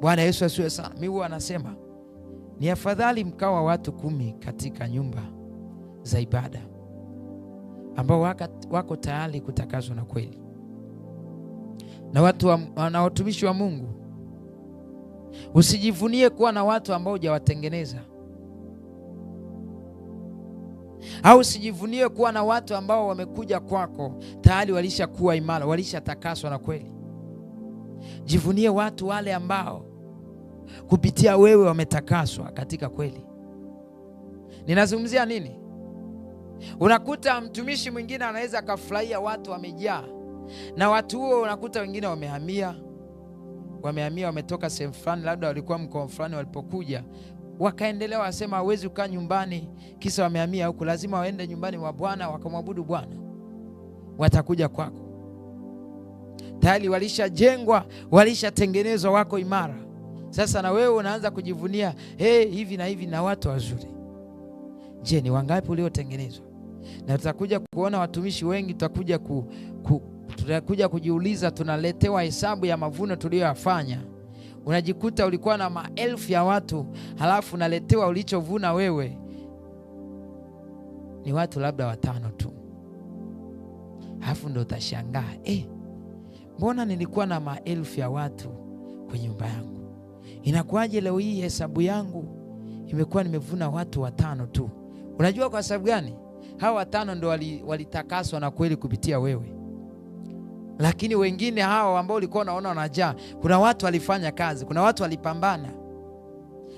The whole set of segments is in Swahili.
Bwana Yesu asiwe sana. Mimi huwa anasema ni afadhali mkawa watu kumi katika nyumba za ibada ambao wako tayari kutakaswa na kweli na watu wa, na watumishi wa Mungu. Usijivunie kuwa na watu ambao hujawatengeneza au usijivunie kuwa na watu ambao wamekuja kwako tayari walishakuwa imara, walishatakaswa na kweli. Jivunie watu wale ambao kupitia wewe wametakaswa katika kweli. Ninazungumzia nini? Unakuta mtumishi mwingine anaweza akafurahia watu wamejaa, na watu huo unakuta wengine wamehamia, wamehamia, wametoka sehemu fulani, labda walikuwa mkoa fulani, walipokuja wakaendelea, wasema hawezi kukaa nyumbani kisa wamehamia huku, lazima waende nyumbani mwa Bwana wakamwabudu Bwana, watakuja kwako tayari walishajengwa, walishatengenezwa, wako imara. Sasa na wewe unaanza kujivunia hey, hivi na hivi na watu wazuri. Je, ni wangapi uliotengenezwa? Na tutakuja kuona watumishi wengi, tutakuja ku, ku, tutakuja kujiuliza, tunaletewa hesabu ya mavuno tuliyoyafanya. Unajikuta ulikuwa na maelfu ya watu, halafu unaletewa ulichovuna wewe ni watu labda watano tu, halafu ndo utashangaa eh, mbona nilikuwa na maelfu ya watu kwenye nyumba yangu? Inakuwaje leo hii hesabu yangu imekuwa nimevuna watu watano tu? Unajua kwa sababu gani? Hawa watano ndo walitakaswa wali na kweli kupitia wewe, lakini wengine hawa ambao ulikuwa unaona wanajaa, kuna watu walifanya kazi, kuna watu walipambana,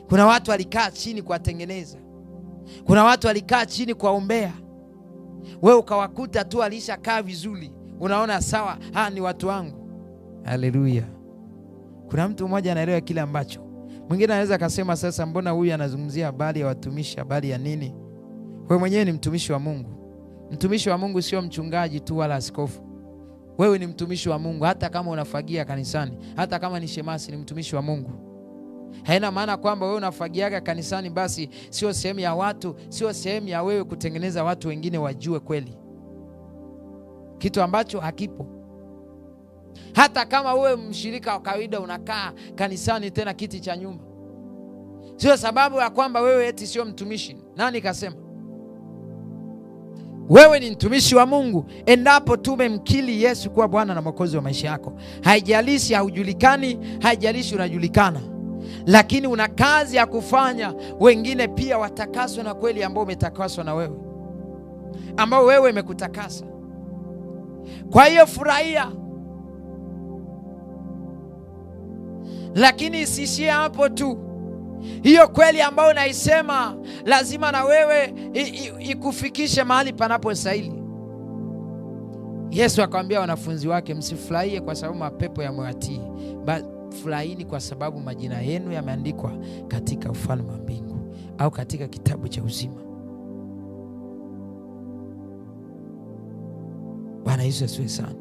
kuna watu walikaa chini kuwatengeneza, kuna watu walikaa chini kuwaombea, wewe ukawakuta tu walishakaa vizuri unaona sawa, haa, ni watu wangu. Haleluya! Kuna mtu mmoja anaelewa kile ambacho mwingine anaweza akasema, sasa mbona huyu anazungumzia habari ya watumishi, habari ya nini? Wewe mwenyewe ni mtumishi wa Mungu. Mtumishi wa Mungu sio mchungaji tu wala askofu. Wewe ni mtumishi wa Mungu, hata kama unafagia kanisani, hata kama ni shemasi, ni mtumishi wa Mungu. Haina maana kwamba wewe unafagiaga kanisani basi sio sehemu ya watu, sio sehemu ya wewe kutengeneza watu wengine wajue kweli kitu ambacho hakipo. Hata kama uwe mshirika wa kawaida unakaa kanisani tena kiti cha nyuma, sio sababu ya kwamba wewe eti sio mtumishi. Nani kasema? Wewe ni mtumishi wa Mungu endapo tumemkili Yesu kuwa Bwana na Mwokozi wa maisha yako. Haijalishi haujulikani, haijalishi unajulikana, lakini una kazi ya kufanya, wengine pia watakaswe na kweli ambao umetakaswa na wewe, ambao wewe imekutakasa. Kwa hiyo furahia, lakini isiishie hapo tu. Hiyo kweli ambayo unaisema lazima na wewe ikufikishe mahali panapostahili. Yesu akawambia wanafunzi wake, msifurahie kwa sababu mapepo yamewatii, bali furahini kwa sababu majina yenu yameandikwa katika ufalme wa mbingu au katika kitabu cha uzima. Bwana Yesu asifiwe sana.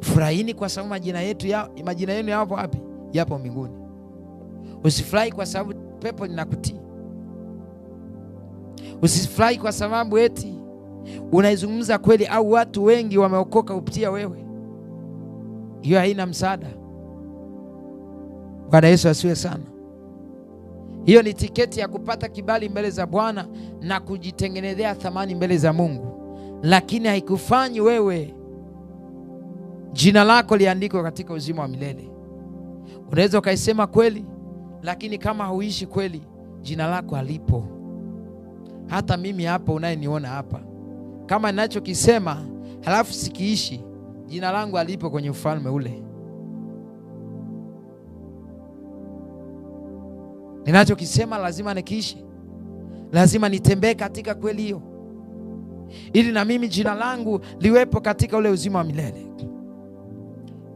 Furahini kwa sababu majina yetu ya, majina yenu yapo wapi? Yapo mbinguni. Usifurahi kwa sababu pepo linakutii. Usifurahi kwa sababu eti unaizungumza kweli au watu wengi wameokoka kupitia wewe. Hiyo haina msaada. Bwana Yesu asiwe sana. Hiyo ni tiketi ya kupata kibali mbele za Bwana na kujitengenezea thamani mbele za Mungu lakini haikufanyi wewe jina lako liandikwe katika uzima wa milele. Unaweza ukaisema kweli, lakini kama huishi kweli, jina lako halipo. Hata mimi hapa unayeniona hapa, kama ninachokisema halafu sikiishi, jina langu halipo kwenye ufalme ule. Ninachokisema lazima nikiishi, lazima nitembee katika kweli hiyo ili na mimi jina langu liwepo katika ule uzima wa milele.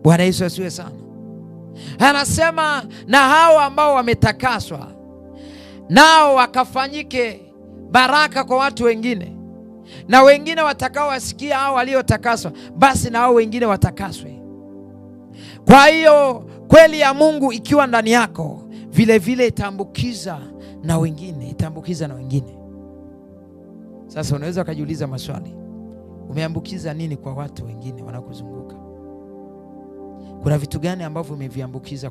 Bwana Yesu asiwe sana. Anasema na hao ambao wametakaswa nao wakafanyike baraka kwa watu wengine, na wengine watakaowasikia hao waliotakaswa, basi na hao wengine watakaswe. Kwa hiyo kweli ya Mungu ikiwa ndani yako, vilevile itaambukiza na wengine, itaambukiza na wengine. Sasa unaweza ukajiuliza maswali, umeambukiza nini kwa watu wengine wanakuzunguka? Kuna vitu gani ambavyo umeviambukiza?